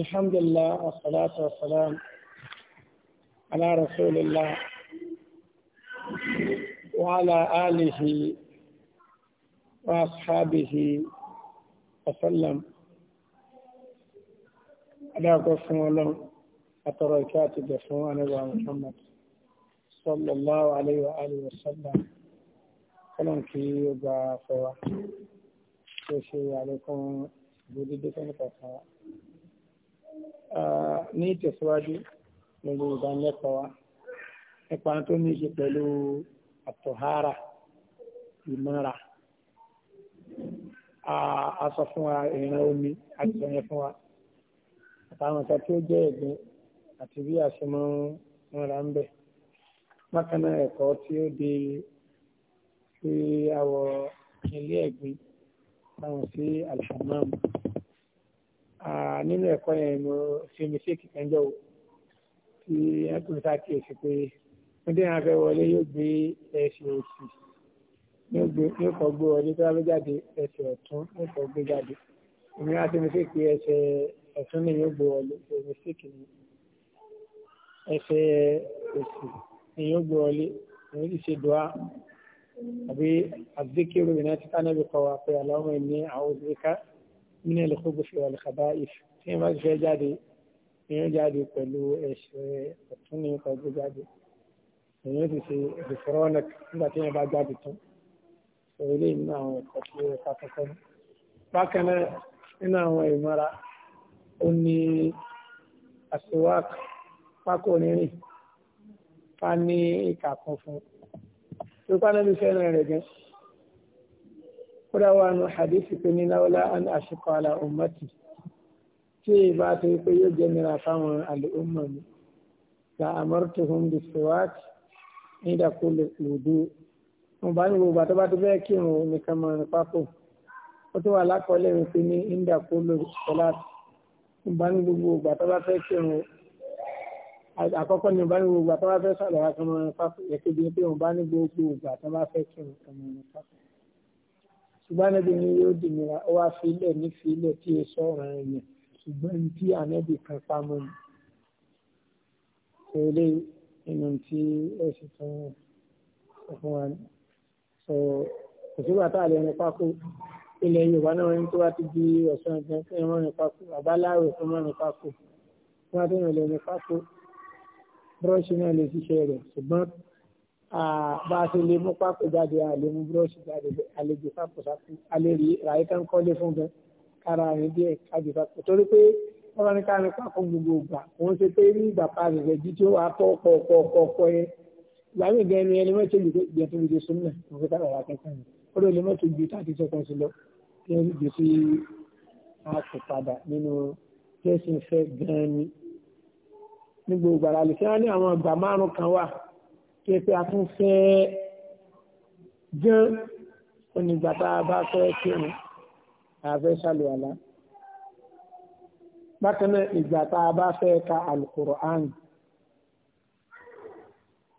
الحمد لله والصلاة والسلام على رسول الله وعلى آله وأصحابه وسلم على قسم الله أتركات دفوان محمد صلى الله عليه وآله وسلم سلام كي يبقى فوا شكرا عليكم بودي دي كنت ní ìtẹ̀síwájú nínú ìdánilẹ́kọ̀ọ́ wa nípa tó ní ṣe pẹ̀lú àtọ̀hárà ìmọ́ra a sọ fún wa ìran omi àti sọ yẹn fún wa àtàwọn nǹkan tí ó jẹ́ ẹ̀gbin àti bí a ṣe máa ń ra ń bẹ̀ bákan ẹ̀kọ́ tí ó di sí àwọ̀ ilé ẹ̀gbin táwọn sí alhamam nínú ẹ̀kọ́ yẹn mo ṣe mi ṣe kíkan jọ tí ẹkùn ṣàkíyèsí pé ọdún yẹn afẹ́ wọlé yóò gbé ẹsẹ̀ òsì yóò kọ́ gbé wọlé tó bá fẹ́ jáde ẹsẹ̀ ọ̀tún yóò kọ́ gbé jáde èmi wá ṣe mi ṣe pé ẹsẹ̀ ọ̀tún ni yóò gbé wọlé ṣe mi ṣe kìíní ẹsẹ̀ òsì ni yóò gbé wọlé èmi sì ṣe dùá àbí àbíkírù ìnáyà tí kánábì kọ wa pé aláwọ̀ ẹni àwọn òṣèré ká nínú ẹlẹ́kọ́gbọ̀ fi wàlẹ̀ kaba if tí wọ́n bá ti fẹ́ jáde èèyàn jáde pẹ̀lú ẹ̀ṣẹ̀ ọ̀tún ní nǹkan gbé jáde èèyàn ti ṣe ìfọ̀rọ̀ ọ̀nà nígbà tí wọ́n bá jáde tán sọ ilé nínú àwọn ẹ̀kọ́ tí ó ká kọ́kọ́ ní. bákan náà nínú àwọn ìmọ̀ra ó ní àṣewák pákó onírìn ká ní ìkà kan fún un tó pánẹ́lú fẹ́ràn rẹ̀ gan-an kódà wà nù hadithi pé ní láwọlá an àṣekọ àlà ummati tí ì bá tó pé yóò jẹ́ nira fáwọn àlùmọ̀ mi la amartuhum bis-siwak inda kulli wudu mo bá ní gbogbo àtọ́ bá ti bẹ́ẹ̀ kí òun nìkan mọ̀ ní pápó ó tó wà lákọọ́lẹ̀ mi pé ní inda kulli salat mo bá ní gbogbo ìgbà fẹ́ kí òun àkọ́kọ́ ni mo bá ní gbogbo ìgbà fẹ́ sàlọ̀ wá kan ní pápó yẹ kébi pé mo bá ní gbogbo ìgbà fẹ́ kí òun kan ní pápó ṣùgbọ́n anábì ni yóò dì mí ra ó wá fi ilẹ̀ ní fi ilẹ̀ tí e sọ̀rọ̀ ẹ̀yàn ṣùgbọ́n ní tí anábì kan pamọ́ ni. Ṣèlè inú tí ẹ sì tún fún wa ni. Sọ òṣùgbà tá lè rìn pákó ilẹ̀ Yorùbá náà ní tó bá ti di ọ̀sán ìgbẹ́ fún ẹ̀rọ rìn pákó àbáláwẹ̀ fún ẹ̀rọ rìn pákó. Wọ́n á dé ìrìn lẹ́nu pákó. Búrọ́ọ̀ṣì náà lè ṣiṣẹ́ rẹ̀ ṣùgbọ́n Ah, bá a ṣe lè mú pákó jáde a lè mú búrọ́ọ̀ṣì jáde a lè gbé pákó sápò a lè rí ràyè tán kọ́lé fún gan kára rìn díẹ̀ kájú pákó torí pé wọ́n bá ní ká rìn pákó gbogbo ìgbà òun ṣe pé ní ìgbà pa àgbègbè jí tí ó wà pọ̀ pọ̀ pọ̀ pọ̀ pọ̀ yẹn làwọn ìgbà ẹni ẹni mẹ́tò ìgbà tó ni ó lè lè mẹ́tò gbé thirty seconds padà nínú kí ẹ gan-an ni gbogbo àlàlẹ́ kí wọ́n ní àwọn ìgbà márùn-ún kan wà kí pé a tún fẹ́ jẹ́ onígbà tá a bá fẹ́ kírun àfẹ́ ṣàlùwàlá bákan náà ìgbà tá a bá fẹ́ ka alukur'an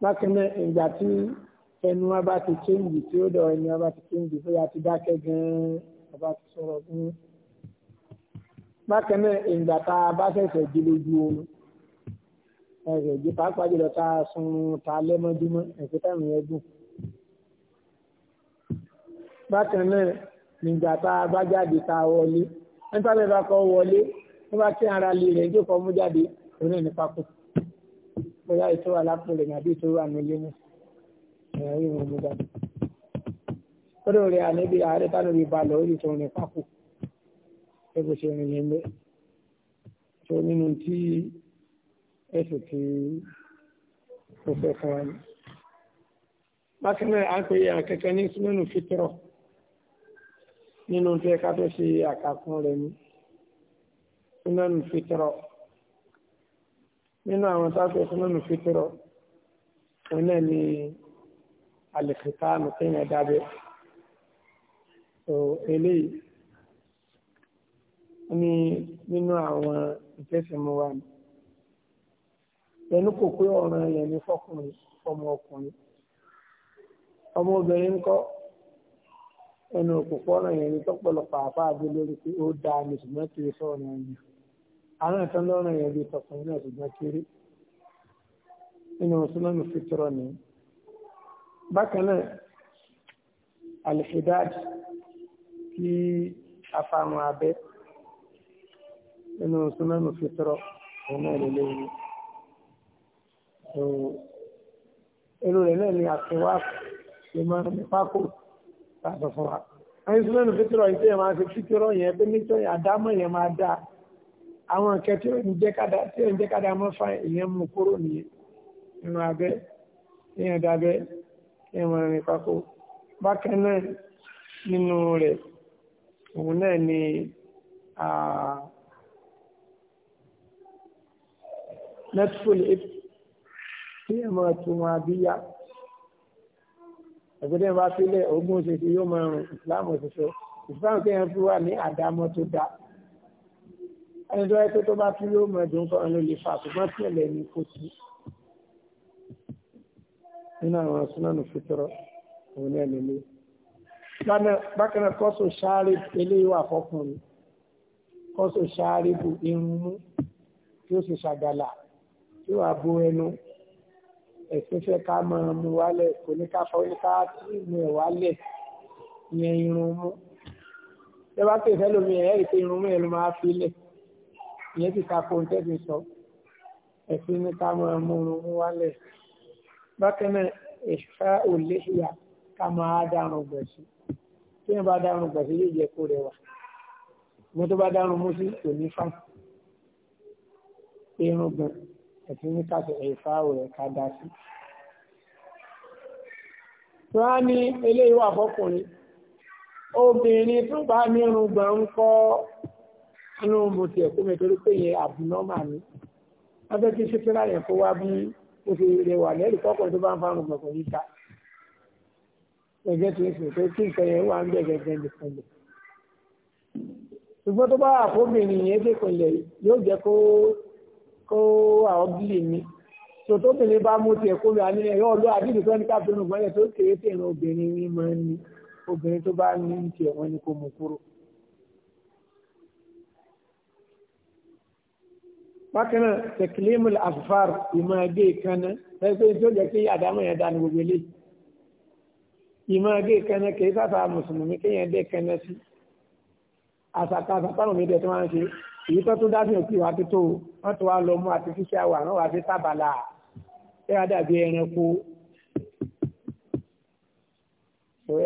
bákan náà ìgbà tí ẹnu wa bá ti chéǹgì tí ó dọ̀ ẹnu wa bá ti chéǹgì bóyá ti dákẹ́ gan-an bàbá ti sọ̀rọ̀ gan-an bákan náà ìgbà tá a lójú oorun ẹ̀rẹ̀ ìgbé pàápàá jùlọ ta sun ta lẹ́mọ́dúnmọ́ ẹ̀fẹ́ táwọn yẹn dùn. bákan náà nígbà tá a bá jáde ta wọlé nípa bẹ́ẹ̀ bá kọ́ wọlé wọ́n bá kí ara lè rẹ̀ jókòó mú jáde òun náà ní pákó bóyá ètò wà lápò rẹ̀ nàbí ètò wà nílé ní ẹ̀rọ ìwọ̀n mú jáde. kódò rẹ̀ àníbi ààrẹ tánúbi balọ̀ ó sì tó rìn pákó ẹ bó ṣe rìn yẹn bẹ́ẹ̀ ẹ̀sùn tí ó fẹ́ fún wa ní. bákan náà a ń pè àkẹ́kẹ́ ní súnmọ́nù fítírọ̀ nínú tí ẹ̀ka tó ṣe àkàkùn rẹ̀ ní súnmọ́nù fítírọ̀ nínú àwọn táṣọ súnmọ́nù fítírọ̀ òun náà ni alìkìtánù kéèyàn dábẹ́ so eléyìí ní nínú àwọn ìtẹ́sìmọ́ wa ni pẹ̀lú kò pé ọ̀ràn yẹn ní fọkùnrin fọmọ ọkùnrin ọmọbìnrin ńkọ́ ẹnu òkùnkùn ọ̀ràn yẹn ní tọ́pọ̀lọpọ̀ àpá àbí lórí pé ó dáa ní ṣùgbọ́n kiri sọ̀rọ̀ yẹn ni àwọn ìtàn lọ́rùn yẹn bíi tọkùnrin náà ṣùgbọ́n kiri nínú mùsùlùmí fìtúrọ̀ ni bákan náà alìhidad kí afáàmù abẹ nínú mùsùlùmí fìtúrọ̀ òun náà so èrò rẹ̀ náà ni àtiwá lè máa ní pákó tàbí fún wa. àwọn ìsúná ní pétérò yìí tẹ́yẹ̀ máa ṣe pétérò yẹn pé nítorí àdámọ̀ yẹn máa dá àwọn nǹkan tí ń jẹ́ kádà mọ́ fa ìyẹn mú kúrò nìyẹn nínú abẹ́ ìyẹn dábẹ́ ìyẹn máa ní pákó. bákan náà nínú rẹ̀ òun náà ni netflix kí ẹ máa túmọ̀ abíyá ẹ̀gbẹ́dẹ́ bá sílẹ̀ ogún ṣèṣe yóò máa rìn ìsìláàmù ṣoṣo ìsìláàmù kéèyàn fi wà ní àdámọ́ tó dáa ẹni tó ẹ̀tọ́ tó bá tún yóò mọ ẹ̀dùn kan ló lè fà ṣùgbọ́n tí ẹ̀lẹ́ ní kò sí nínú àwọn asúnánù fìtọ́rọ̀ òun ní ẹ̀lẹ́lẹ́ bákan náà kọ́sù ṣáárì eléyìí wà fọkùnrin kọ́sù ṣáárì bu irun mú tí ó sì ṣàgàlà tí wàá bo ẹnu ẹ̀sìn fẹ́ ká máa mú wálẹ̀ kò ní ká fọ́ ní ká tìrìmù ẹ̀ wálẹ̀ yẹn irun mú tẹ́ bá pèsè lómi ẹ̀ rí pé irun mú ẹ̀ ló máa fi lẹ̀ ìyẹn ti ká kó tẹ́ fi sọ ẹ̀sìn ní ká máa mú irun mú wálẹ̀ bákan náà ẹ̀fẹ́ ò léṣìyà ká máa dárun gbẹ̀sí tí wọ́n bá dárun gbẹ̀sí yóò jẹ́ kó rẹwà mo tó bá dárun mú sí kò ní fáìn irun gbẹ̀sí ẹ̀tún ní káṣẹ ẹ̀fà rẹ̀ ká dá sí. wọ́n á ní eléyìí wà fọ́kùnrin obìnrin tó bá nírun gbọ̀n ń kọ́ inú mo tiẹ̀ kó mi torí pé yẹn àbùnọ́mà ni wọ́n fẹ́ kí ṣíṣíra yẹn kó wá bí mo ṣe rẹwà lẹ́rìí fọ́kùnrin tó bá ń farun gbọ̀n kò ní ta ẹgbẹ́ tó ń sìn pé kí nǹkan yẹn wà ń bẹ̀ gẹ́gẹ́ nìkan lẹ̀. ṣùgbọ́n tó bá àkóbìnrin yẹn dé kan yóò jẹ́ kó ó àwọn bílì mi tòtóbìnrin bá mú tiẹ̀ kó mi àní ẹ̀rọ ọ̀lọ́ àdìdì tó ní káfíń ọ̀gbọ́n yẹn tó kéré tí ìran obìnrin ní máa ń ní obìnrin tó bá ní tiẹ̀ wọ́n ní kó mú kúrò. bákan náà tẹkílímù àfàr ìmọ̀ ẹgbẹ́ ìkànnà ẹgbẹ́ tó jẹ́ kí àdámọ̀ yẹn dání gbogbo eléyìí ìmọ̀ ẹgbẹ́ ìkànnà kì í sáfà mùsùlùmí kéèyàn dé kẹ́nẹ́ sí àṣàkà àṣàkà èyí tó tún dájú òkú ìwà tó tó wọ́n tó wá lọ mú artificial wà wọ́n wá sí tábàlà ẹ wá dàbí ẹranko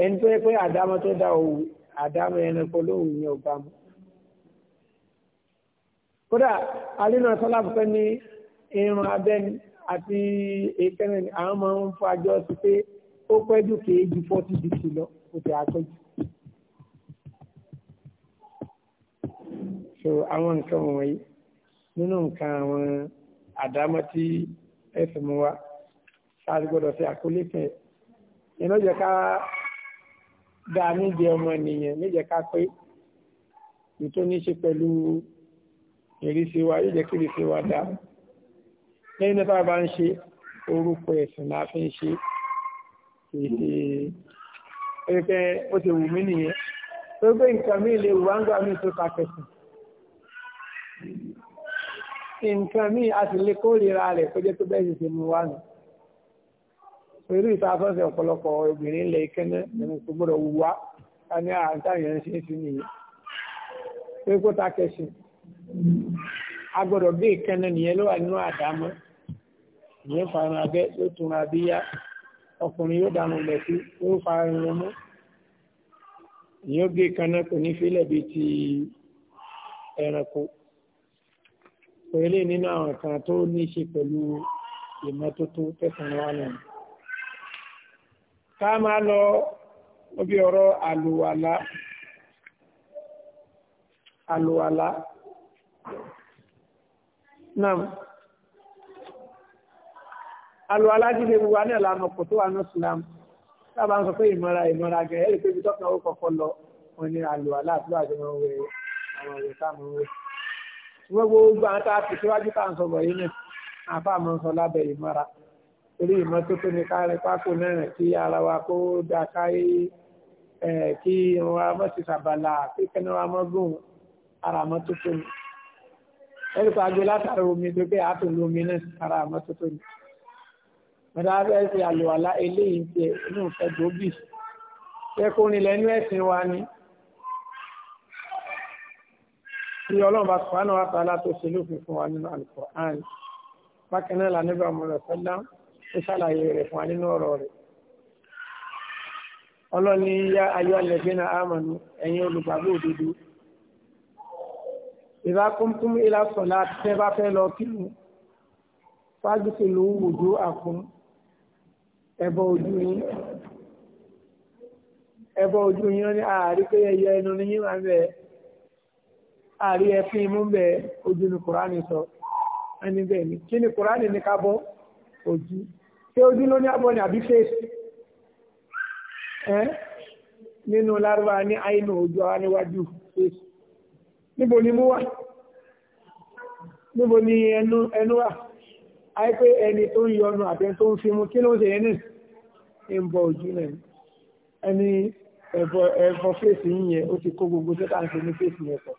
ẹni tó yẹ pé àdámọ́ tó dá òwú àdámọ́ ẹranko lóhùn yẹn ò mu. kódà alínà sọlábùkẹ́ ní irun abẹ́ni àti èkẹ́rin àwọn máa ń fọ àjọ sí pé ó pẹ́ jù kéé ju forty bc lọ kò tẹ̀ àtọ́jú. so àwọn nǹkan wọ̀nyí nínú nǹkan àwọn àdámọ́ tí ẹ fi mú wa láti gbọ́dọ̀ fi àkólé kan ẹ̀ ìná jẹ́ ká dá níbi ọmọ ènìyàn níjẹ́ ká pé ètò ní ṣe pẹ̀lú ìrísí wa yóò jẹ́ kí ìrísí wa dá lẹ́yìn náà bá ń ṣe orúkọ ẹ̀sìn la fi ń ṣe pé ó ti wù mí nìyẹn tó gbé nǹkan mí lè wù wá ń gbà mí tó kàfẹ́sìn nǹkan míì a sì lè kórìíra rẹ̀ kó jẹ́ tó bẹ́ẹ̀ sì ṣe mú wá nù pẹ̀lú ìtafẹ́fẹ́ ọ̀pọ̀lọpọ̀ obìnrin ilẹ̀ ìkẹ́nẹ́ nínú tó gbọ́dọ̀ ká ní ń ṣe é sí nìyí ta a gbọ́dọ̀ bí ìkẹ́nẹ́ nìyẹn ló wà nínú bí ní pẹ̀lú nínú àwọn kan tó ní ṣe pẹ̀lú ìmọ́tótó tẹ̀sán wa náà. ká máa lọ níbi ọ̀rọ̀ àlùwàlá àlùwàlá náà àlùwàlá jíde gbogbo ní ọ̀lànà kò tó wà ní Islam sábà ń sọ pé ìmọ̀ra ìmọ̀ra gẹ̀ẹ́ rí pé ibi tọ́kàn ó kọ́kọ́ lọ wọn ni àlùwàlá àti àjọmọ̀ wẹ̀ àwọn ìwẹ̀ táwọn wẹ̀ ṣùgbọ́n gbogbo àwọn tá a fi síwájú tá ń sọ bọ̀ yìí náà àfa àmọ́ ń sọ lábẹ́ ìmọ̀ra torí ìmọ́tótó ni ká rẹ pákó náà kí ara wa kó da káyé kí wa mọ́ ti sàbàlà kí kẹ́ni wa mọ́ gùn ara mọ́tótó ni ẹ̀rí pa agbe látara omi tó pé àtò lómi náà ara mọ́tótó ni mọ̀tà bẹ́ẹ̀ ṣe àlùwàlá eléyìí tiẹ̀ inú ìfẹ́ gbòógì ẹ̀kọ́ nílẹ̀ inú ẹ̀sìn wa ni. tí ọlọ́run bá sùpánù àtàlà tó ṣe lófin fún wa nínú Al-Qur'an bákan náà lànàbí ọmọlẹ̀ sọ́lá ó ṣàlàyé rẹ̀ fún wa nínú ọ̀rọ̀ rẹ̀ ọlọ́ni yá ayọ́ alẹ́gbẹ́nà àmànú ẹ̀yin olùgbàgbọ́ òdodo ìbá kúmkúm ilá sọ̀lá tẹ́ bá fẹ́ lọ kírun fájúṣe ló ń wòjú àkún ẹbọ ojú yín ẹbọ ojú yín ní àárí pé ẹyẹ ẹnu ní yín máa bẹ̀ẹ́ àrí ẹfin imú bẹ ojú ni kùránì sọ ẹni bẹ́ẹ̀ ni kí ni kùránì ní ká bọ́ ojú ṣé ojú ló ní abọ́ ni àbí fèsì ẹ nínú lárúbá ní àìnú ojú ara níwájú fèsì níbo ni mú wà níbo ni ẹnu wà àìpé ẹni tó ń yọnu àti ẹni tó ń fi mú kí ló ń ṣe yẹn ní ìbọ̀ ojú náà ẹni ẹ̀bọ̀ fèsì yìnyẹn ó ti kó gbogbo tó kà ń ṣe ní fèsì yẹn pọ̀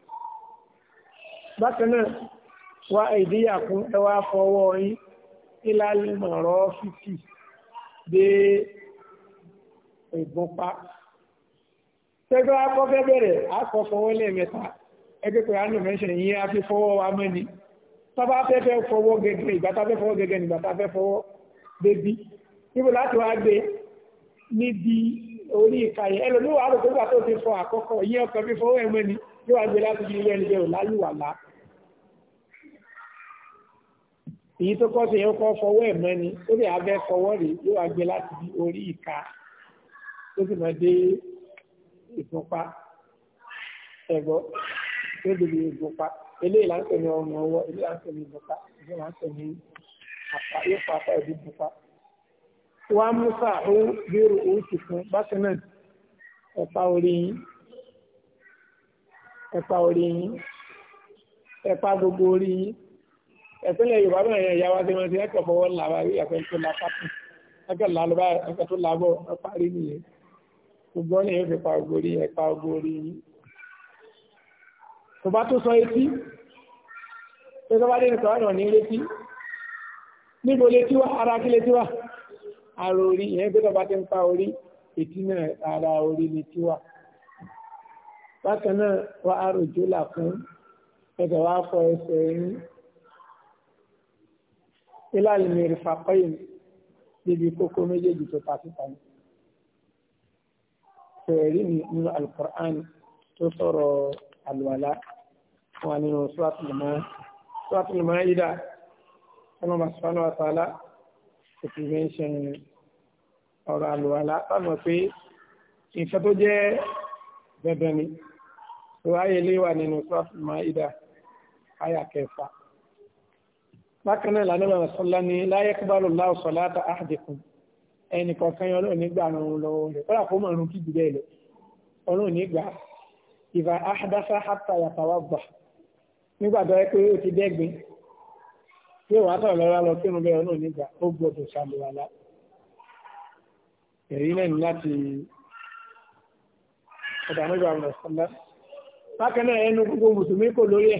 bákan náà wá ìdíyà fún ẹwà fọwọ́ yín ìlàlímọ̀rọ̀ fífì dé ìgbọ́pá tẹ́gbẹ́ akọ́fẹ́ bẹ̀rẹ̀ akọ́fọwọ́ lẹ́ẹ̀mẹ́ta ẹgbẹ́ pẹ̀lú àánú mẹ́ṣẹ̀ yín a fi fọwọ́ wa mẹ́ni tọ́bá fẹ́fẹ́ fọwọ́ gẹ́gẹ́ ìgbàtafẹ́ fọwọ́ gẹ́gẹ́ nígbàtafẹ́ fọwọ́ bébí níbo láti wá gbé níbi orí ìkàyẹ ẹlòmíwàá rò pé gbà tó ti fọ àkọ́kọ́ yín ọkọ̀ fífọwọ́ ẹ̀mẹ́ni yóò wá gbé láti fi ilé ẹni jẹ́ òlálùwàlá èyí tó kọ́ sí yẹn kọ́ fọwọ́ ẹ̀ mọ́ ni ó lè abẹ́ fọwọ́ rè yóò wá gbé láti bí orí ìka tó sì máa dé ìfúnpá ẹ̀gbọ́ tó dèbè ìfúnpá eléyìí láǹpẹ̀ ní ọrùn ọwọ́ eléyìí láǹpẹ̀ ní ìfúnpá eléyìí láǹpẹ̀ ní apá yóò fọ apá ẹ̀dí ìfúnpá. wá musa ó bírò oṣù fún bákan náà ẹ̀pá orí yín ẹ̀pá orí yín ẹ̀pá gbogbo orí yín ẹ̀pínlẹ̀ yorùbá náà yẹn ìyáwá sí wọn ti ẹ̀kọ́ fọwọ́ ńlá wa rí ẹ̀kọ́ tó la pápá ẹ̀kọ́ là ló bá ẹ̀kọ́ tó la bọ̀ ẹ̀ parí nìyẹn ṣùgbọ́n ní yóò fi pa ògòrí ẹ̀ pa ògòrí yìí. tó bá tó sọ etí tó sọ bá dé nìkan ọ̀nà ní létí níbo létí wá ara kí létí wá ara orí yẹn pé tó bá ti ń pa orí ètí náà ara orí létí wá. bákan náà wá àròjó là fún ẹ̀kọ́ wá fọ ẹsẹ̀ yín ilá ìmìrì fàkọ́yìn níbi kókó méjèèjì tó ta síta ní. Fẹ̀rí ni nínú Al-Qur'an tó sọ̀rọ̀ àlùwàlá wà nínú Suratul Maida, ọmọ Màṣánà Àtàlá, òkè mẹ́ṣẹ̀ ọ̀rọ̀ àlùwàlá, tánà pé ìfẹ́ tó jẹ́ bẹ̀bẹ̀ ni. Ìwáyé lé wà nínú Suratul Maida, áyà kẹfà. bákan náà lànà bàbá sọlá ni láyé kábàlù láwù sọlá ta àdìkùn ẹnì kọ̀ọ̀kan yọ lónìí gbà àrùn lọ́wọ́ rẹ̀ kọ́lá kó mọ̀ ọ̀run tọ̀ lọ ó èyí láti ọ̀dà ẹnu gbogbo mùsùlùmí kò lórí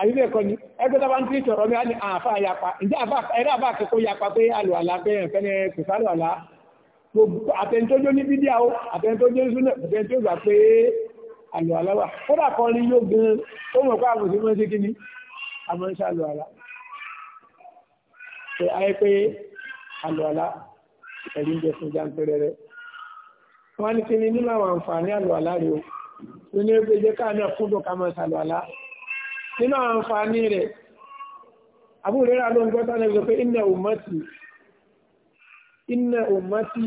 àyíbẹ̀ẹ̀kọ́ ni ẹgbẹ́ tó bá ń tí ìṣọ̀rọ̀ mi á ní àfà yapa ǹjẹ́ ẹ̀rẹ́ àbá akẹ́kọ̀ọ́ yapa pé alùwàlá pé ẹ̀fẹ́ ni kò sálùwàlá àtẹnitójó ní bídíà ó àtẹnitójó ní súnà àtẹnitójó gbà pé alùwàlá wà kódà kan ní yóò gan ó mọ̀ pé àbùsí mọ́ sí kíní àmọ́ ń sálùwàlá pé ayé pé alùwàlá ẹ̀rí ń jẹ fún jáńpẹ́rẹ́ rẹ̀ wọ́n ní kíní nínú àwọn àǹfààní alùwàlá rẹ̀ ó nínú ẹgbẹ́ jẹ́ káà náà kúndùn ká mọ́ sálùwàlá nínú àǹfààní rẹ̀ àbúrẹ́rà ló ń gbọ́ tánà ìgbẹ́ pé inna ummati inna ummati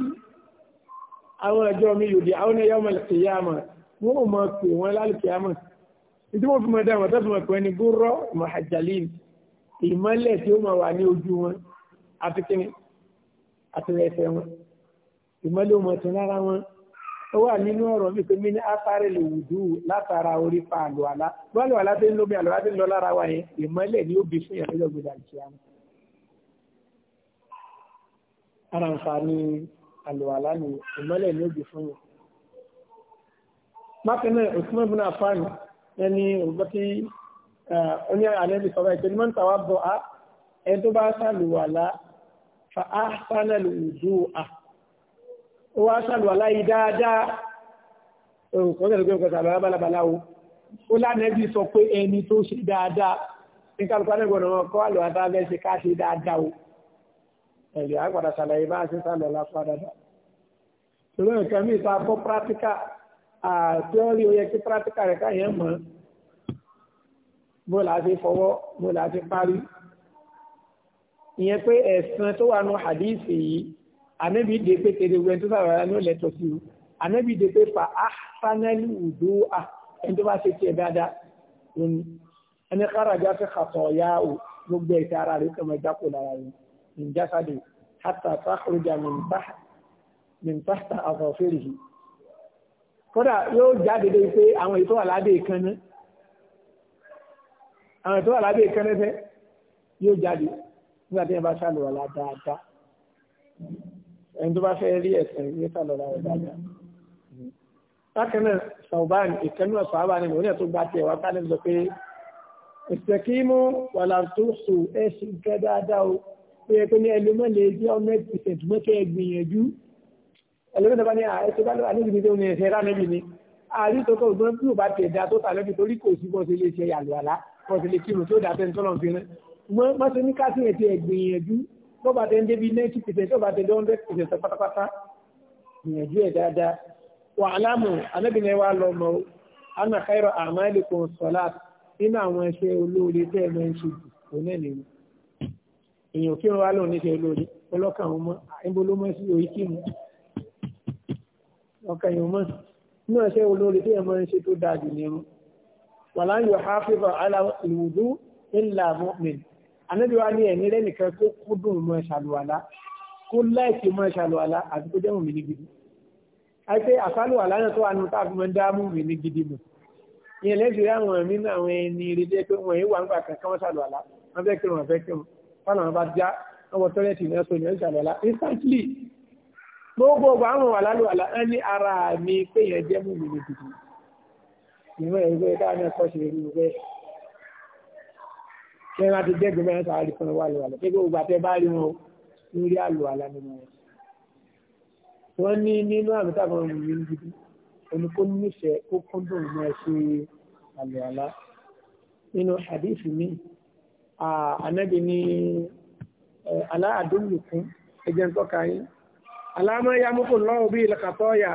àwọn ẹjọ́ mi yòdì àwọn ẹyọ́ mẹ́lẹ̀kìyàmà wọ́n ò mọ̀ pé wọ́n lálùkìyàmà ìdí wọ́n fi mọ̀ dáwọn tó fi mọ̀ pé ẹni gúrọ́ mahajalin ìmọ́lẹ̀ tí ó mọ̀ ó wà nínú ọ̀rọ̀ mi pé mi ní afárẹ́ lè wùdú látara orí pa àlọ́ àlá bọ́ àlọ́ àlá tó ń lómi àlọ́ àlá tó ń lọ lára wa yẹn ìmọ́lẹ̀ ni ó fún yàrá lọ́jọ́ gbọdọ̀ àti àmọ́. ara nfààní àlọ́ àlá ni ìmọ́lẹ̀ ni ó fún yàn. bákan náà òtún mẹ́fún náà fáànù ẹni òbọ̀ oní àlẹ́bí sọ̀rọ̀ ìpè ní mọ́ta wa bọ̀ á ẹni ó wá ṣàlùwà láyé dáadáa nǹkan tẹ̀lé pé ṣàlùwà balabala o ó lánàbí sọ pé ẹni tó ṣe dáadáa ní kálukú anẹ́gbọ̀n náà kọ́ àlùwà a fẹ́ ṣe ká ṣe dáadáa o ẹ̀rì àgbàdà ṣàlàyé bá a ṣe ṣàlùwà lápá dáadáa ṣùgbọ́n nǹkan mi ta kọ́ pírátíkà àtẹ́ọ́rì ó yẹ kí pírátíkà rẹ̀ káyẹ̀ mọ́ bó láti fọwọ́ bó láti parí ìyẹn pé ẹ̀sán tó wà nù hadisi yìí ànábì dé pé tèrè wẹ́n tó sàrọ̀ ní ó lẹ́tọ̀ sí o ànábì dé pé fa ahsanali wudu a ẹni tó bá ṣe tiẹ̀ dáadáa ẹni kárajà fi kàtọ̀ ya o gbogbo ẹ̀ṣẹ̀ ara rẹ̀ kàn máa jákò lára rẹ̀ ìjásádé hàtà sáhùrùjà mìǹtàtà àfọ̀fẹ́rì yìí kódà yóò jáde dé pé àwọn ètò àládé kan náà àwọn ètò àládé kan náà fẹ́ yóò jáde nígbà tí wọ́n bá ṣàlùwàlá dáadáa ẹni tó bá fẹ́ rí ẹ̀sìn yóò sá lọ́la rẹ̀ dáadáa. bákan náà sàwùbáàn ìkànnì ọ̀sán àbá ni òun yẹn tó gba tiẹ̀ wá bá lẹ́nu sọ pé ìsèkímù wàlà tó sù ẹ̀ sì kẹ́ dáadáa o ó yẹ pé ní ẹlòmọ́ lè jẹ́ ọmọ ẹ̀sìn mọ́kẹ́ tó bá ní àìsí ní ẹ̀sẹ̀ ni àrí tó kọ́ ògbọ́n tí ò bá tẹ̀ dá tó tàlẹ́bì torí kò sí bọ́ọ̀sì lè ṣe yàlùwàlá bọ́ọ̀sì lè kírun tó dá tó bá tẹ̀ ń débi ninety percent tó bá tẹ̀ dé hundred percent pátápátá ìyànjú ẹ̀ dáadáa wà aláàmù anábìnrin wa lọ mọ́ anna kairo amali kun salat nínú àwọn ẹṣẹ́ olóore tẹ́ ẹ̀ máa ń ṣe jù òun náà nìyí èèyàn kí wọn wá lóun níṣẹ́ olóore ọlọ́kàn wọn mọ́ sí orí kí mu ọkàn yìí mọ́ nínú ẹṣẹ́ olóore tẹ́ ẹ̀ máa ń ṣe tó dáa jù nínú wàlá yóò háfíbọ̀ aláwùdú illa mu'min anábíwá ni, ẹ̀ní rẹ̀ nìkan tó kó dùn mọ́ ṣàlùwàlá kó láìsí mọ́ ṣàlùwàlá àti kó jẹ́mù mi ní gidi àti àsálùwàlá náà tó wà nù tá a fi dáàmú mi ní gidi mọ̀ ìyẹn lẹ́sìn rí àwọn ẹ̀mí náà àwọn ẹni ìrèdè pé wọ́n yìí wà nígbà kan kán ṣàlùwàlá wọ́n fẹ́ kírun wọ́n fẹ́ kírun fáwọn àwọn bá já wọ́n wọ tọ́lẹ́tì náà sọ ìyẹn ṣàlùwàlá instantly gbogbo ọgbà àwọn wà gidi ìwọ̀n ẹ̀rọ ẹ̀dá náà kọ́ ṣe rí tí wọ́n bá ti jẹ́ gbẹmọ́ ẹ̀sán àrí fún wa lò àlọ́ pé gbogbo àti ẹ bá rí wọn lórí àlò àlá nínú wọn. wọ́n ní nínú àmì táwọn ọmọ mi ń gidi omi kó nífẹ̀ẹ́ kó kúndùn mọ́ ṣe àlò àlá nínú hadithi mi anabi ni aláàdúnnìkún ẹjẹ ń tọ́ka yín aláàmọ́ ya mú kò lọ́wọ́ bí ìlàkàtọ́ ya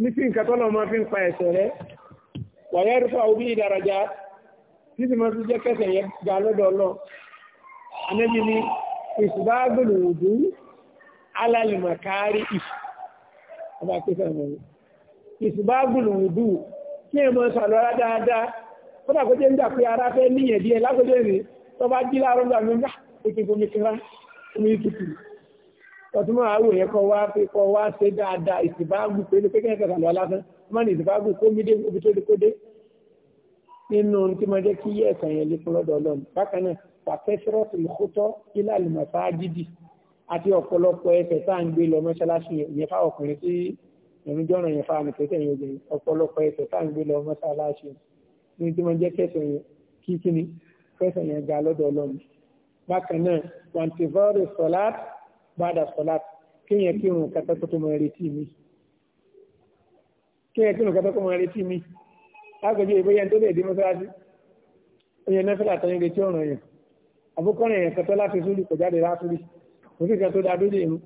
ní fi nǹkan máa fi ń pa ẹ̀ṣẹ̀ rẹ wàyẹ́rù fún àwọn bí ìdáraja títí mọ́ tó jẹ́ kẹsẹ̀ yẹn ga lọ́dọ̀ lọ anẹ́bí ni ìsìbáàgbèrè òdú alálìmọ̀ kárí ìṣù ọba kẹsẹ̀ mọ́ àwò yẹn kọ́ wá pé kọ́ wá ṣe dáadáa ìsìbáàgbù pé ní pé kẹ́kẹ́ sàlọ́ra lásán mọ́ ní ìsìbáàgbù kó mí dé tó dé kó dé nínú tí máa jẹ́ kí yẹ ẹ̀sán yẹn lé fún lọ́dọ̀ ọlọ́run bákan náà pàkẹ́sírọ́ tó lè kó tọ́ ilé àlùmọ̀fá gidi àti ọ̀pọ̀lọpọ̀ ẹsẹ̀ tá à ń gbé lọ mọ́ṣáláṣí yẹn fáwọn ọkùnrin tí ìrìnjọ́nà yẹn fáwọn ìpẹ́sẹ̀ yẹn obìnrin ọ̀pọ̀lọpọ̀ ẹsẹ̀ tá à ń gbé lọ mọ́ṣáláṣí ní tí máa jẹ́ kẹsẹ̀ yẹn kí kíni kẹsẹ̀ yẹn ga lọ́dọ̀ ọlọ́run bákan náà wàǹtìvọ́rì sọ̀láàt bàdà sọ̀láàt kéèyàn kírun kátàkùtù mọ̀ ẹ̀rẹ̀ tì lágbèjú ìbóyá tó lè dé mọ́sálásí oyè nẹ́fẹ̀lá tán ilé tí ọ̀ràn èèyàn àbúkọ́rin èèyàn kẹtọ́ láti súrì kò jáde látúrì kò sí kan tó dáa dóde ìmú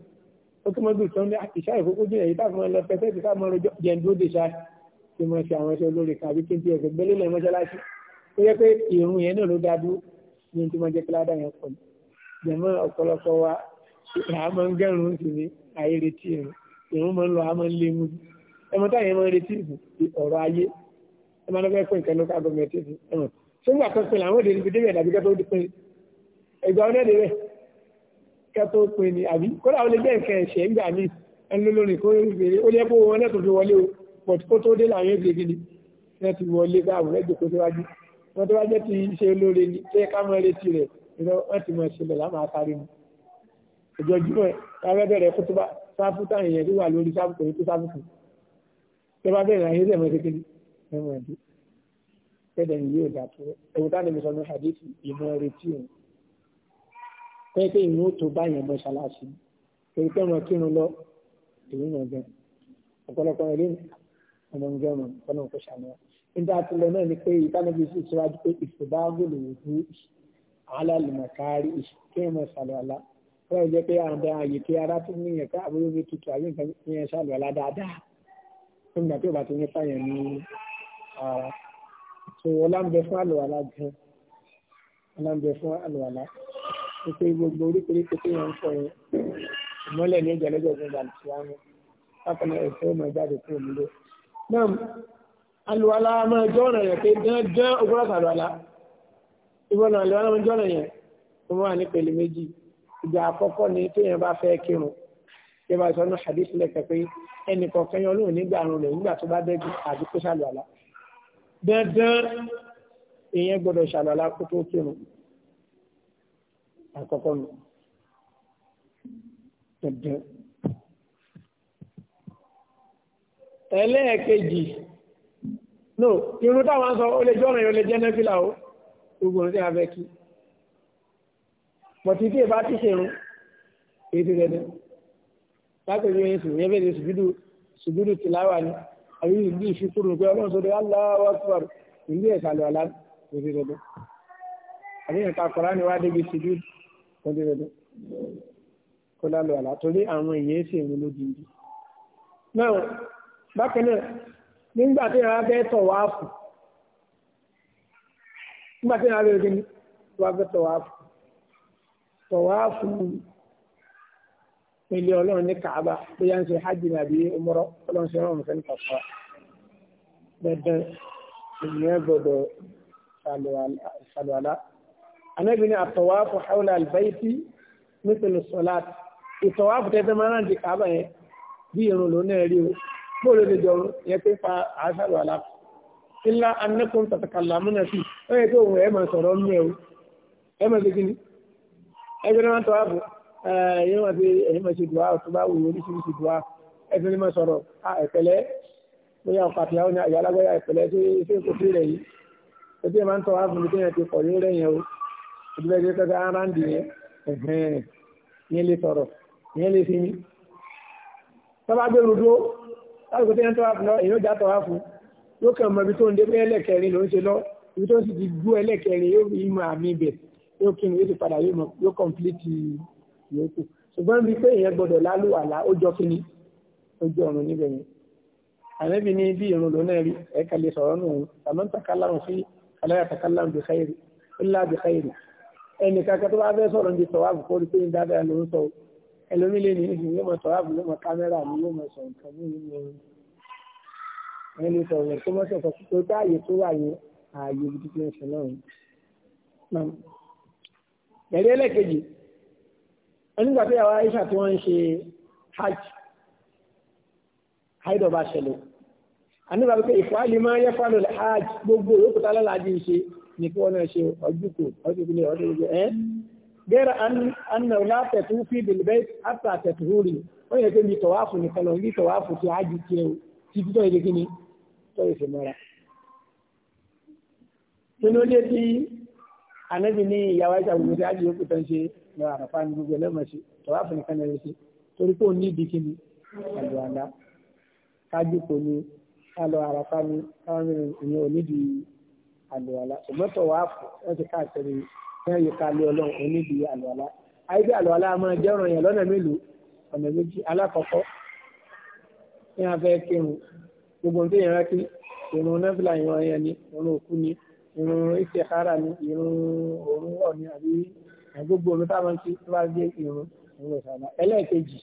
ó tún mọ́jú tán ní ìṣá ìkókó jẹ́ èyí táwọn ọmọ ẹlẹ́pẹ́ tẹ́tí táwọn ọmọ jẹun dóde ṣá ti mọ̀ sí àwọn ẹṣẹ́ olórí kan àbí kéńtì ẹ̀sẹ̀ gbélé lẹ́ ó yẹ pé ìrun yẹn náà ló dáa dúró ní ni àìretí ìrun ìrun máa ń lọ àmọ́ ń lé mú ẹmọ táyẹn máa ń retí ọ̀rọ̀ ayé ẹ máa lọ́gbẹ́ fún ìkànnì local government ti hàn sóńgbà tó pinnu àwọn èdè ibi débẹ̀ dàbí kẹ́tọ́ pin ìgbà ọ̀nà èdè rẹ̀ kẹ́tọ́ pin ni àbí kódà ó lè jẹ́ nǹkan ẹ̀ṣẹ̀ ńgbà mí ẹnu lórí kó rèé ó lè kó wọn lẹ́tọ̀ fi wọlé o pọ̀t kó tó dé láwọn èdè gidi náà ti wọlé káàbù lẹ́jọ́ kó síwájú wọn tó wá jẹ́ ti ṣe lóore ni ṣé ká mọ retí rẹ̀ wọ́n ti mọ ìṣẹ̀lẹ̀ láwọn àtàrí mu ìjọjúmọ̀ lábẹ́ bẹ̀rẹ̀ kó tó bá sáfù táwọn èèyàn ti wà lórí sáfù kò ní tó sáfù kù ẹ̀wọ̀n ẹ̀dí tẹ́lẹ̀ ní yóò dà tó ẹ̀wọ̀n táwọn ẹ̀mí sọ ní hadith ìmọ̀ retí òun pẹ́ẹ́ pé ìrún tó bá yẹn mọ́ṣáláṣí torí pé wọn kírun lọ ìrún náà jẹun ọ̀pọ̀lọpọ̀ ẹ̀rí ọmọ ìjọ ọmọ ọ̀nà òkú ṣàmúlò nígbà tí lọ náà ni pé ìtànàbí sì síwájú pé ìfòbágòlò òkú alálùmọ̀kárí kí ẹ̀ mọ̀ ṣàlùwàlá wọ́n jẹ́ pé àǹdà àyè kí ara tó ní ẹ̀ka ara so ọlá ń bẹ fún àlùwàlá gan ọlá ń bẹ fún àlùwàlá wípé gbogbo oríkèéríkè tó yẹn ń fọ yẹn ìmọ́lẹ̀ ní ìjà lọ́jọ́ ìgbà tí wọ́n mú bákan náà ẹ̀fọ́ ọmọ ìjáde kúrò nílé. náà àlùwàlá máa jọ ọ̀nà yẹn pé dandan ogúnrọ̀ àlùwàlá ìbọn náà àlùwàlá máa jọ ọ̀nà yẹn tó wà ní pèlè méjì ìgbà àkọ́kọ́ ni tó yẹn bá fẹ́ kírun yẹn bá sọ ní hadith ẹnì kọ̀ọ̀kan yẹn olóhùn nígbà àrùn rẹ̀ nígbà tó bá dẹ́gùn àbí kó dandan èèyàn gbọ́dọ̀ ṣàlàlá kó tó kírun àkọ́kọ́ nù dandan. ẹlẹ́ẹ̀kejì no irun táwọn sọ ó lè jọ́nà yóò lè jẹ́ nẹ́fìlà ó gbogbo ní abẹ́ kí pọ̀tí tí èbá ti ṣerun èyí ti dandan lápẹ̀lú ẹ̀yìn sùn yẹ́bẹ̀rẹ̀ sùgbúdù tìláwà ni àbí ìdí ìṣíkúrò pé ọlọ́run sọ́dọ̀ Allahu Akbar ìdí ẹ̀sàlẹ̀ ọ̀la kò sí dandan àbí ìyẹn kakọ̀rá ni wá débi ṣíjú kò sí dandan kó lálọ́ ọ̀la torí àwọn èèyàn sì ń lójú ibi. náà bákan náà nígbà tí wọn fẹ́ tọ̀ wá fún nígbà tí wọn fẹ́ tọ̀ wá fún tọ̀ wá fún ilé ọlọ́run ní Kaaba bóyá ń ṣe hajj nàbí umrọ ọlọ́run ṣe rọrùn fẹ́ni kọ̀ọ̀kan dandan ènìyàn gbọdọ̀ ṣàlùwàlá. anábì ní àtọ̀wáfù hawla albayti mithlu salat ìtọ̀wáfù tẹ́tẹ́ máa rán di Kaaba yẹn bí irun ló náà rí o bóòlù lè jọ yẹn pé fa àṣàlùwàlá. illa annakum tatakallamuna fi ó yẹ kí òun ẹ̀ máa sọ̀rọ̀ ń mẹ́ o ẹ̀ máa ṣe kí ni ẹgbẹ́ náà Eh, yóò wá sí ẹ̀yìn mọ̀ ṣe dùá tó bá wù oríṣiríṣi dùá ẹ̀sìn ní mọ̀ sọ̀rọ̀ ẹ̀pẹ̀lẹ́ bóyá ọkọ̀ àti àwọn àyà alágbáyà ẹ̀pẹ̀lẹ́ tó ṣe kò sí rẹ̀ yìí tó tí ẹ máa ń tọ́ wá fún mi kéèyàn ti pọ̀ ní rẹ̀ o ìdílé ẹgbẹ́ kẹ́kẹ́ ara ń dì yẹn ẹ̀hẹ́n yẹn lè sọ̀rọ̀ yẹn lè sinmi. tó bá gbé rúdó lásìkò tí yẹn tọ́ wá fún já tọ́ wá fún yóò kàn mọ ibi tó ń dé pé ẹlẹ́kẹrin ló ń ṣe lọ ibi tó ń sì ti gbó ẹlẹ́kẹrin yóò rí mọ àmì ibẹ̀ yóò kí ni yóò ti padà yóò kọ̀ǹpìlìtì yòókù ṣùgbọ́n bí pé èèyàn gbọ́dọ̀ lálùwàlá ó jọ kíni ó jọ ọ̀run níbẹ̀ yẹn ànábì ní bí irun lónà rí ẹ̀ka lè sọ̀rọ̀ nù tàmán takalárun sí aláya takalárun bí káyìrì ńlá bí káyìrì ẹnì kankan tó bá fẹ́ sọ̀rọ̀ ní tọ́wáàbù kó rí pé ń dáadáa ló ń sọ ẹlòmí lè ní ìsìn yóò mọ tọ́wáàbù yóò mọ kámẹ́rà mi yóò mọ sọ nǹkan mí ní ẹni ẹni lè sọ̀rọ̀ tó mọ́ sọ̀tọ̀ tó tá àyè tó wà yẹn ààyè ibi tó ń sọ náà onígbà tó yàwó Aisha tí wọ́n ń ṣe hajj haidọ̀ bá ṣẹlẹ̀ anígbà pé ìfàlì máa yẹ fàlọ̀ hajj gbogbo òkúta lọ́làájì ṣe ní kí wọ́n náà ṣe ọjúkò ọjúkulẹ̀ ọdúnjẹ ẹ́ gẹ́rẹ́ anna látẹ̀ tó fi bilbẹ́ àtà tẹ̀tùrúrì wọ́n yẹ pé mi tọ̀wáfù nìkan lọ ní tọ̀wáfù ti hajj ti ẹ̀ ti títọ́ ìdí kíni tọ́ ìfẹ́ mọ́ra. Kí ló dé tí Ànábì ní lọ àràfà ní gbogbo ẹlẹ́mọ̀ tọ́wá fún nìkan ẹ̀rọ torí pé ní ibi kí ni àlùwàlá kájúkò ni ká lọ àràfà ni káwọn mìíràn ìyẹn ò nídìí àlùwàlá ṣùgbọ́n tọ́wá fún ẹ ti káàkiri náà yóò ká lé ọlọ́run ò nídìí àlùwàlá àyíké àlùwàlá máa jẹ́ ọ̀ràn yẹn lọ́nà mélòó ọ̀nà méjì alákọ̀ọ́kọ́ ní afẹ́ kírun gbogbo ní ìyẹn rákì ni ìrun òkú ni ìrun ìṣèkára ni ìrun òórùn ọ̀ ni àbí àgbogbo omi táwọn ti wá gbé irun ìwé ìsàlá ẹlẹ́ẹ̀kejì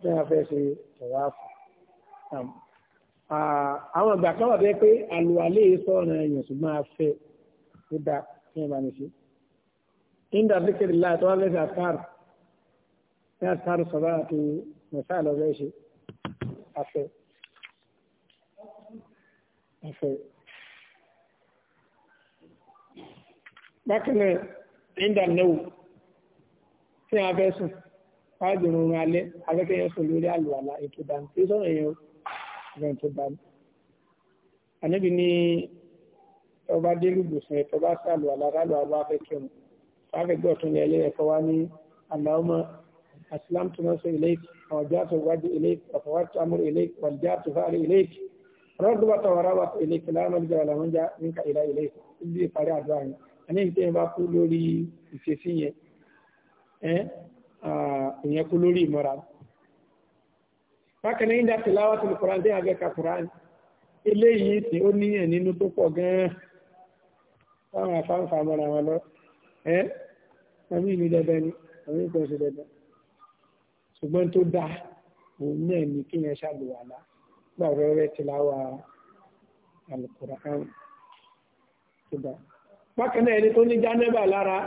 tí wọ́n fẹ́ ṣe ẹ̀wà fún àwọn ìgbà kan wà bẹ́ẹ̀ pé àlùwalé sọ̀rọ̀ ẹ̀yàn ṣùgbọ́n afẹ́ tó dá kí wọ́n bá ní ṣe inda zikiri láì tó wá fẹ́ ṣe àtàrù ní àtàrù sọ̀rọ̀ àti mẹ́fà lọ́fẹ́ ṣe afẹ́ afẹ́ bákan náà ìdánilẹ́wò tí a fẹ́ sùn fáàgbèrè oorun alẹ́ afẹ́kẹ́yẹ sùn lórí àlùwàlà ètò dànù tí sọ̀rọ̀ èèyàn ìgbọ̀n tó dànù. àníbi ni ọba délùgbòsàn ẹ̀tọ́ bá sàlùwàlà rálùwà bá fẹ́ kírun fáàgbẹ̀gbẹ̀ ọ̀tún ilẹ̀ ẹlẹ́ẹ̀kọ́ wá ní àlàọ́mọ أسلمت نفسي إليك ووجهت وجهي إليك وفوضت أمري إليك والجأت ظهري إليك رغبة ورغبة إليك لا ملجأ ولا منجأ منك àní ìtẹ́yìn bá kú lórí ìṣesí yẹn ìyẹn kú lórí ìmọ̀ra bákan náà ìdáṣẹ́ láwá tó lè kọ́ra dé àgbẹ̀ka kùránì eléyìí tí ó ní ẹ̀ nínú tó pọ̀ gan-an táwọn afáǹfà mọ́ra wọn lọ ẹ́ àmì ìlú dandan ni àmì ìkọ̀ ṣe dandan ṣùgbọ́n tó dáa bákanáà ẹni tó ní jánẹ́bà lára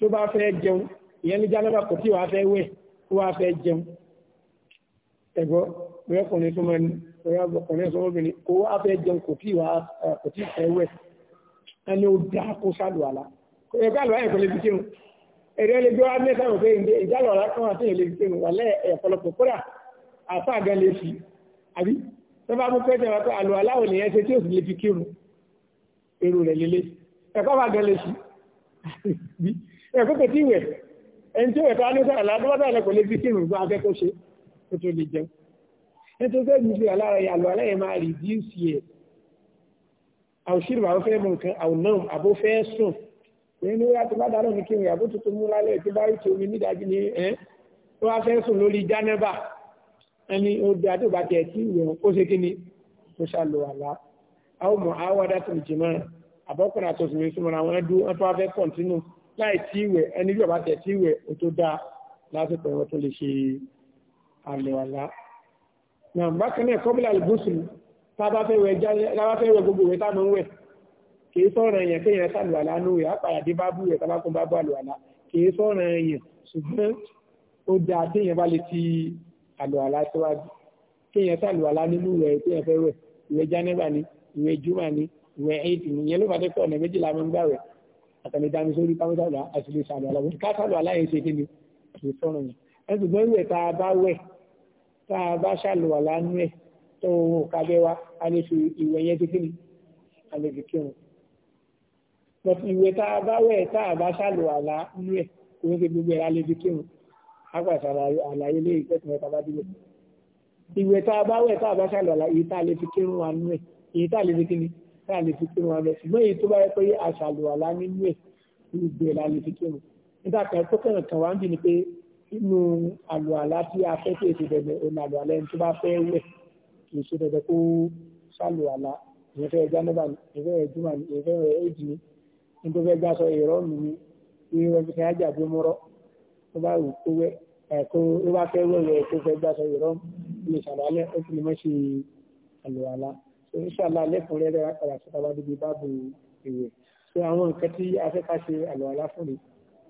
tó bá fẹ́ jẹun ìyẹn ní jánẹ́bà kò tí wàá fẹ́ wẹ̀ ó wàá fẹ́ jẹun ẹ̀gbọ́ ọkùnrin tó máa ní ọkùnrin tó obìnrin kò wàá fẹ́ jẹun kò tí fẹ́ wẹ̀ ẹni ó dá kó sálùwàlá ẹ̀ka àlùwà ẹ̀kọ́ lè fi kírun ẹ̀rẹ́ lè gbé wá mẹ́ta rò pé èrò rẹ̀ lélẹ̀ ẹ̀kọ́ bá gẹ̀lẹ̀ sí ẹ̀kọ́ kò tí wẹ̀ ẹni tí wẹ̀ tó wá ní sọ̀rọ̀ ládùúgbò àlẹ́ kò lè fi kírun gbọ́ afẹ́ kó ṣe kó tó lè jẹun ẹni tó fẹ́ gbèsè alára yà lọ aláyẹ̀ máa rí díù sí ẹ̀ àwòṣírò àwọn fẹ́ mọ nǹkan àwọn náà àbó fẹ́ sùn èyí ni wíwá tó bá dáná ní kírun àbó tuntun mú lálẹ́ tí bá rí ti omi nídàájú ni ẹ́ tó wá fẹ́ sùn lórí jánẹ́bà ẹni ó di adóbàtẹ̀ tí ìwọ̀n ó ṣe kí ni ó ṣàlùwàlá àwọn ọmọ àwọ̀dá tó jẹ mọ́ àbọ́kùnrin àtọ̀sùnmí súnmọ́ àwọn ẹdú ẹ̀fọ́ afẹ́ kọ̀ǹtínú láì tí ìwẹ̀ ẹni bí ọba tẹ̀ tí ìwẹ̀ ó tó dáa lásìkò ẹ̀wọ̀n tó lè ṣe àlẹ́wàlá. nà bákan náà kọ́bílà ìbùsùn tábà fẹ́ wẹ̀ gbogbo ìwẹ̀ táwọn ń wẹ̀ kìí sọ̀rọ̀ èèyàn kéèyàn sàlùwàlá nù rẹ̀ àpàyàdé bá bú rẹ̀ tábàkùn bá bú àlùwàlá kìí sọ̀rọ̀ èèyàn ṣùgbọ́n ó dáa téèyàn ìwẹ̀ jùmọ̀ ni ìwẹ̀ eight ni ìyẹn ló bá dé pé ọ̀nà méjìlá máa ń gbà wẹ̀ àtàlẹ́ dání sórí pàmòsàlù àti lè sàlù àlọ́ ká sàlù aláyẹ̀ ṣe kí ni kì í sọ̀rọ̀ yẹn ẹ ṣùgbọ́n ìwẹ̀ tá a bá wẹ̀ tá a bá sàlù àlá nú ẹ̀ tó owó kábẹ́ wa a lè fi ìwẹ̀ yẹn ti kí ni a lè fi kírun but ìwẹ̀ tá a bá wẹ̀ tá a bá sàlù àlá nú ẹ̀ kò ń ṣe gbogbo ẹ̀ a lè fi kírun agbàṣà àlàyé tá a bá wẹ̀ tá a bá sàlù àlá yìí tá a lè fi kírun wa nú ẹ̀ èyí tá lè fi kí ni tá lè fi kírun abẹ ṣùgbọ́n èyí tó bá yẹ pé aṣàlùwàlá nínú ẹ̀ gbogbo ẹ̀ la lè fi kírun nígbà kan tó kẹ̀rìn kan wá ń bì ní pé inú àlùwàlá tí a fẹ́ tó èsì bẹ̀rẹ̀ òun àlùwàlá ẹni tó bá fẹ́ wẹ̀ kì í ṣe bẹ̀rẹ̀ kó ṣàlùwàlá ìyẹn fẹ́ ẹja nọ́bà ni ìyẹn fẹ́ ẹjúmọ̀ ni ìyẹn fẹ́ ẹjì ni nítorí fẹ́ gbàsọ ìrọ́ mi ni ìyẹn fẹ́ fi kàn ájà gbé mọ́rọ́ tó bá wù kó wẹ́ ẹ̀kọ́ tó bá tó fẹ́ gbàsọ ìrọ́ mi ìṣàlùwàlá ó fi lè mọ́ ṣe àlùwàlá inshallah lẹ́kùnrẹ́rẹ́ àkàrà sí tàbá débi báàbù ìwẹ̀ ṣe àwọn nǹkan tí afẹ́ká ṣe àlọ́ọ̀lá fún mi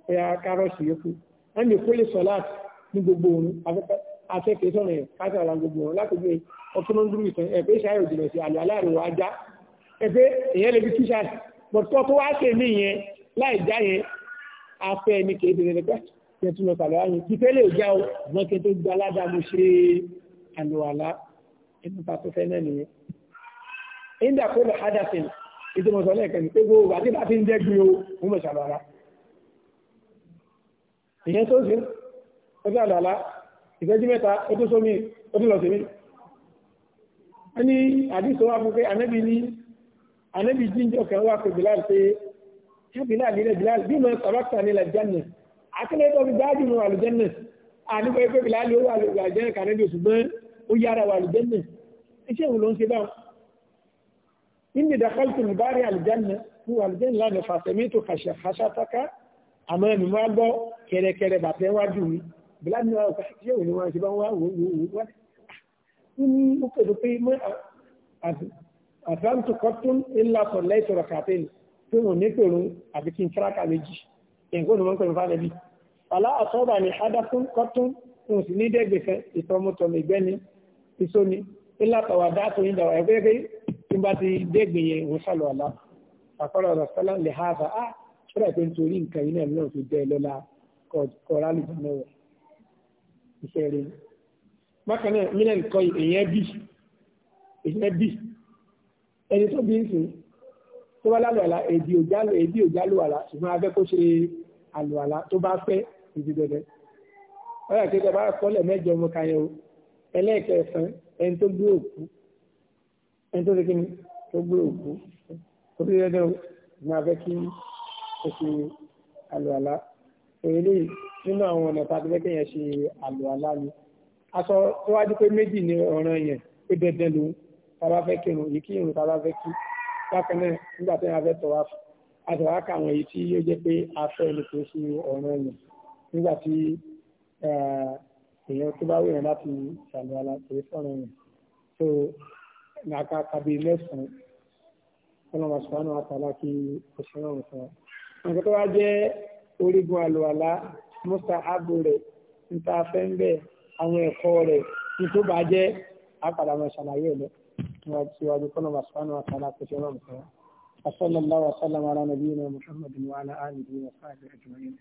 pé a kárọ̀ọ̀sì yókù wọ́n lè kó lè sọ láti ní gbogbo òun afẹ́kẹ́ sọ̀rọ̀ yẹn káṣí àlọ́ gbogbo òun látòjú ọtúnú dúró ìtàn ẹ̀fẹ́ ṣe àyò jìnà sí àlọ́ọ̀lá rẹ̀ wá já ẹ̀fẹ́ èyàn lè fi tíṣà bọ̀tọ́ tó wá ṣe mí yẹn inda kó lọ hadasin ìtumọ̀sọ̀ lẹ́ẹ̀kan pé gbogbo àti bá ti ń dẹ́gbin o mú mọ̀ ṣàlọ́ra ìyẹn tó sí ó sì àlọ́lá ìfẹ́jú mẹ́ta ó tó sómi ó tó lọ sí mi wọ́n ní àdìsọ wá fún pé anábì ní anábì jíjọ kan wá pé bilal pé ṣé bilal nílẹ̀ bilal bí mo sàbàkà nílẹ̀ jẹ́nì akẹ́lẹ́ tó fi dájú mu àlùjẹ́nì àníkọ́ pé bilal yóò wà àlùjẹ́nì kànábì ṣùgbọ́n ó yára wà àlùjẹ́nì iṣẹ́ òun báwọn inni dakhaltu al-bari al-janna huwa al-janna la fasamitu khashataka àmọ́ ẹnu máa gbọ́ kẹrẹkẹrẹ bàtẹ́ wájú mi bíláàmì wa ọ̀ka ṣé òní wọn ṣe bá wá wò wò wò wá ní ó pẹ̀lú pé mọ́ àtàntù kọ́tún ńlá sọ lẹ́tọ̀rọ̀ kàtẹ́lì tó wọn ní pẹ̀lú àti kí n tíráka méjì ẹ̀ǹkó ni wọ́n pẹ̀lú fáwọn ẹbí. fàlà àtọ́bà ní adákún kọ́tún ń sì ní dẹ́gbẹ̀fẹ́ ìtọ́mọtọ́mọ ìgbẹ́ni ìsóni ńlá tọ̀wà dáàtò yín dàwà tí bá ti dégbìn yẹn òun sàlọ̀ àlá àkọ́rọ̀ ọ̀rọ̀ sálá lè ha àfà á ah, ṣọ́dà pé nítorí nǹkan iná náà fi jẹ́ lọ́la kọ̀ọ̀rọ̀ àlùjọ náà wọ̀ iṣẹ́ rẹ̀. bákan náà mílẹ̀ nǹkan èèyàn bì èèyàn bì ẹni tó bí ń sìn tó bá lálù àlá èdè òjálù èdè òjálù àlá ṣùgbọ́n abẹ́ kó ṣe àlù àlá tó bá fẹ́ ìdí dandan. ọ̀rọ̀ àti ìjọba kọ́lẹ̀ mẹ́jọ ọmọ kan yẹn o ẹlẹ́ẹ̀kẹsàn-án ẹni tó gbé òkú ẹni tó ṣe kí ni tó gbé òkú ó fi rẹ́dẹ̀ máa fẹ́ kí ó ṣe àlùalá èyí nínú àwọn ọ̀nà tàbí fẹ́ kéèyàn ṣe àlùalá ni aṣọ tó wájú pé méjì ni ọ̀ràn yẹn pé dandan lòun tàbá fẹ́ kírun yìí kí irun tàbá fẹ́ kí bákan náà nígbà tó yẹn a fẹ́ tọ̀ wá àtọ̀wá kà wọ́n èyí tí yóò jẹ́ pé afẹ́ ni kò ṣe ọ̀ràn yẹn nígbà tí eh, èèyàn tó bá wéyàn láti ṣàlùalá kò ṣe ọ̀ràn yẹn nàka tàbí mẹ́sàn-án ọlọ́mọ sọ̀rọ̀ náà tàbá kí òṣèré ọ̀hún sọ̀rọ̀. nǹkan tó wá jẹ́ orígun àlùwàlá mọ́sà ábò rẹ̀ níta fẹ́ ń bẹ̀ àwọn ẹ̀kọ́ rẹ̀ ní tó bá jẹ́ àpàdà máa ṣàlàyé ẹ̀ lọ síwájú kọ́nà sọ̀rọ̀ náà tàbá kí òṣèré ọ̀hún sọ̀rọ̀. وصلى الله وسلم على نبينا محمد وعلى اله وصحبه اجمعين